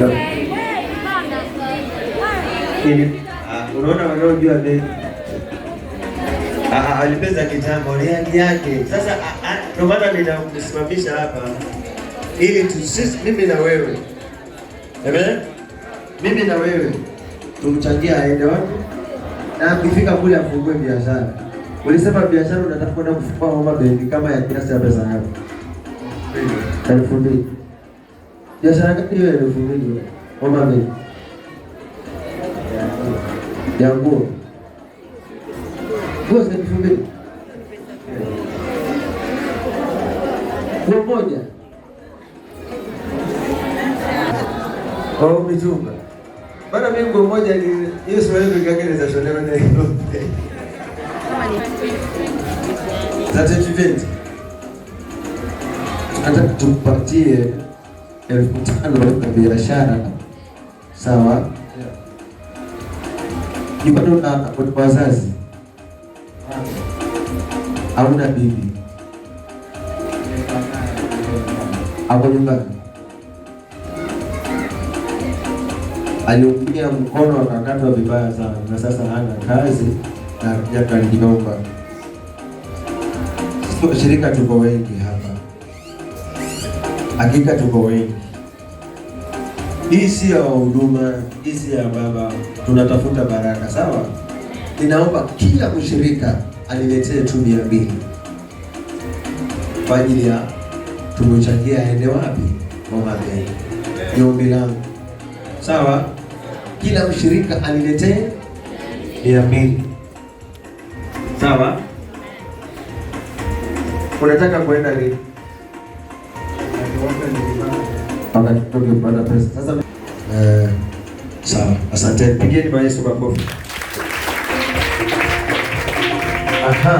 Ah, unaona wanaojua bei ah, ah, alipeza kitambo ni haki yake. Sasa ndio maana ninakusimamisha hapa ili tusisi, mimi na wewe Amen? mimi na wewe tumchangia aende wapi, na akifika kule afungue biashara. Ulisema biashara unataka kwenda kufungua mama bendi kama ya kiasi ya pesa yako elfu mbili Biashara gani hiyo elfu mbili? Omba mbili. Ya nguo. Nguo za elfu mbili. Nguo moja. Au mitumba. Bana mimi nguo moja ni hiyo sio hiyo kingine za shonewa na hiyo. Za 2020. Nataka tupatie elfu tano na biashara sawa, bado na wazazi au na bibi hapo nyumbani, aliumia mkono akakatwa vibaya sana, na sasa hana kazi na jaka liomba. Sio shirika, tuko wengi hapa Hakika tuko wengi, hii si ya huduma, hii si ya baba, tunatafuta baraka. Sawa, ninaomba kila mshirika aniletee tu mia mbili kwa ajili ya tumechangia, aende wapi? Mabei, ni ombi langu. Sawa, kila mshirika aniletee mia mbili. Sawa, unataka kuenda lini? mpaka tutoke kupata pesa sasa. sawa, asante. Pigeni mayesu makofi. Aha.